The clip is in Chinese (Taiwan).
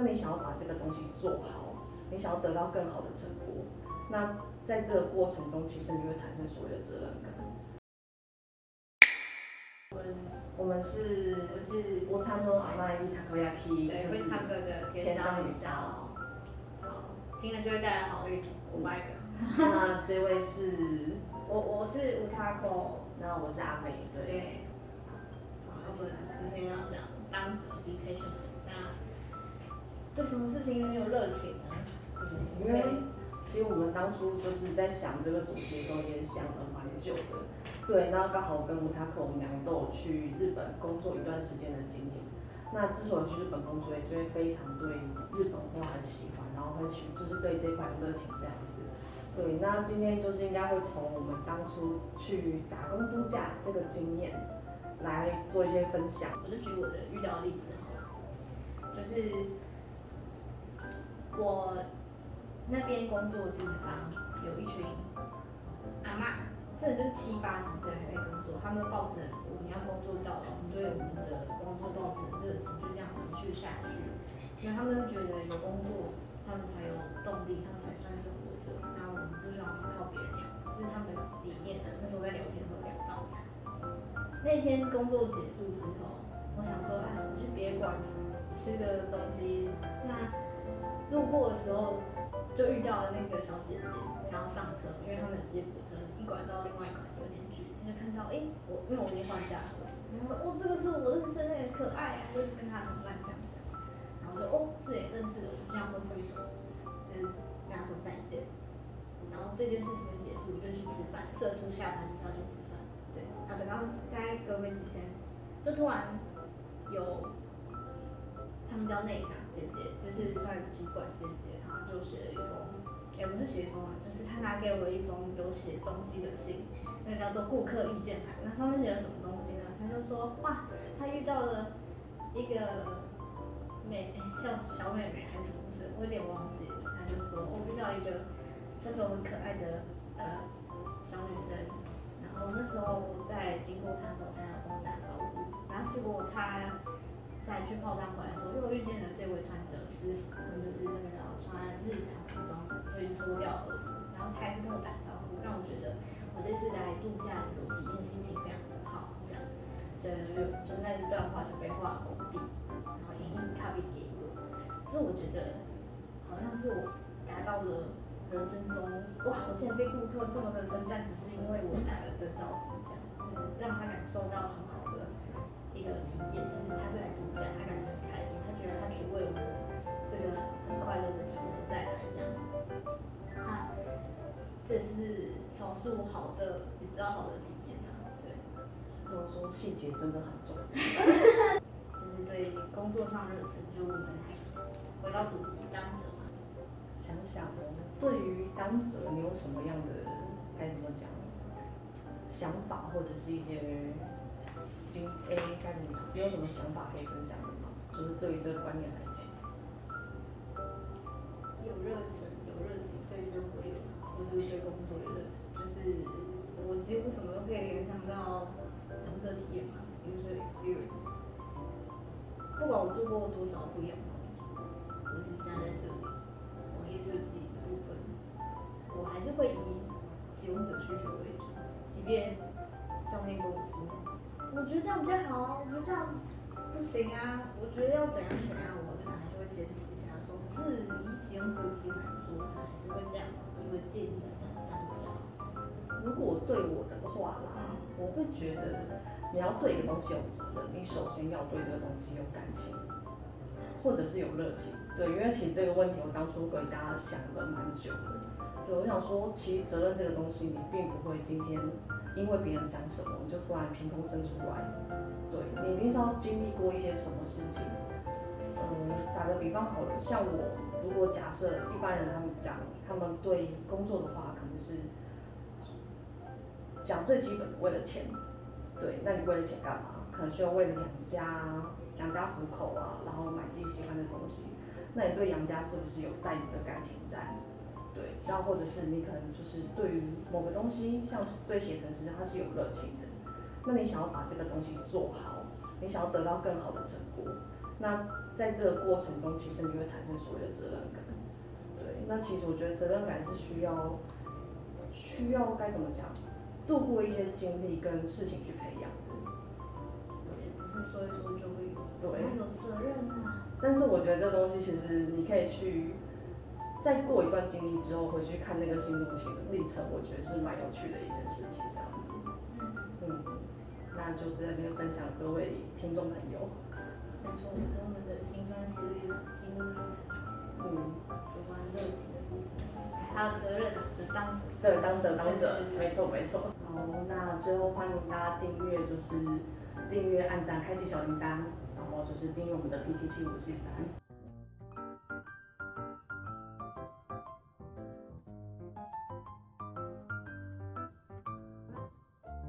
那你想要把這個東西做好，你想要得到更好的成果，那在這個過程中，其實你會產生所謂的責任感。我、嗯、們我們是我是波坦諾阿卡塔亞皮，就是田江雨瀟，好，聽了就會帶來好運，我拜個。 那這位是，我我是 Utako，那我是阿美，對，好，我、就、說、是、天一樣，當對什麼事情很有熱情啊？對、嗯，因為其實我們當初就是在想這個主題的時候，也想了蠻久的。對，那剛好我跟吳塔克，我們兩個都有去日本工作一段時間的經驗。那之所以去日本工作，也是因為非常對日本話很喜歡，然後會去就是對這塊有熱情這樣子。對，那今天就是應該會從我們當初去打工度假這個經驗來做一些分享。我就舉我的遇到的例子好了，就是。我那邊工作的地方有一群阿嬤，真的就七八十歲還在工作，他們抱着我們要工作到老，我們對我們的工作抱持熱情，就這樣持續下去。因為他們覺得有工作，他們才有動力，他們才算是活着。那我們不需要靠別人養，這是他們的理念的。那時候在聊天時候聊到，那天工作結束之後，我想說，哎，你就別管了，吃個東西，那。路過的時候就遇到了那個小姐姐，然後上車，因為他們有接駁車，一拐到另外一管有點遠，就看到誒，我，因為我已經換下了，然後,、欸、然後哦這個是我認識的、那個，很可愛啊，就是跟他很班這樣子，然後就哦這也認識，了，這樣揮揮手，跟、就是、跟他說再見，然後這件事情結束，就去吃飯，社畜下班就上去吃飯，對，啊大概隔沒幾天，就突然有他們叫內場。姐姐就是算主管姐姐，然後就寫了一封，也、欸、不是寫一封啊，就是他拿給我一封有寫東西的信，那叫做顧客意見牌。那上面寫了什麼東西呢？他就說，哇，他遇到了一個美、欸、像小美眉還是什麼？我有點忘記了。他就說，我遇到一個穿着很可愛的、呃、小女生，然後那時候我在經過她的時候，她要跟我打招呼，然後結果他。在去泡湯回來的時候，又我遇見了這位穿着私服，就是那個、啊、穿日常服裝，所以脫掉衣服，然後他還是跟我打招呼，讓我覺得我這次來度假旅遊，體驗心情非常的好，這樣，所以就那一段話就被畫紅筆，然後隱隱一杯咖啡給我。這我覺得好像是我達到了人生中，哇！我竟然被顧客這麼的稱讚，但只是因為我打了個招呼，這樣，就是、讓他感受到好。一個體驗，就是他在來度假，他感覺很開心，他覺得他可為我這個很快樂的體驗再來一樣、啊、這是少數好的比較好的體驗吶、啊。對，我說細節真的很重要。嗯， 對，工作上的成就很開心。回到主題，當責嘛，想想的，對於當責你有什麼樣的該怎麼講想法，或者是一些。金 A，該怎麼講？有什麼想法可以分享的嗎？就是對於這個觀念來講，有熱情，有熱情，對生活有，或是對工作有熱情，就是我幾乎什麼都可以聯想到消費者體驗嘛，user experience，不管我做過多少不一樣的東西，而且現在在這裡，網頁設計的部分，我還是會以使用者需求為主，即便上面跟我說。我覺得這樣比較好，我覺得這樣不行啊。我覺得要怎樣怎樣，我可能還是會堅持一下，說可是你一起用自己來說，還是會這樣，因為近的樣傷了。如果對我的話啦，嗯，我會覺得你要對一個東西有責任，你首先要對這個東西有感情，或者是有熱情。對，因為其實這個問題我當初回家想了蠻久的。我想說，其實責任這個東西，你並不會今天因為別人講什麼，你就突然憑空生出來。對你，你是要經歷過一些什麼事情。嗯，打個比方好了，像我如果假設一般人他們講，他們對工作的話，可能是講最基本的為了錢。對，那你為了錢幹嘛？可能需要為了養家、養家糊口啊，然後買自己喜歡的東西。那你對養家是不是有帶你的感情在？對，然後或者是你可能就是對於某個東西，像對寫程式，它是有熱情的。那你想要把這個東西做好，你想要得到更好的成果，那在這個過程中，其實你會產生所謂的責任感，對。對，那其實我覺得責任感是需要需要該怎麼講，度過一些經歷跟事情去培養的。對，不是所以說一種就會有對有責任啊。但是我覺得這個東西其實你可以去。再過一段經歷之後回去看那個心路歷程，我覺得是蠻有趣的一件事情，這樣子。嗯，嗯，那就在這邊分享各位聽眾朋友，說的經歷，嗯，有關熱情的部分，還、嗯、有責任當，當對，當責，當責， 沒錯，沒錯。好，那最後歡迎大家訂閱，就是訂閱、按讚、開啟小鈴鐺，然後就是訂閱我們的 PTC 五四三。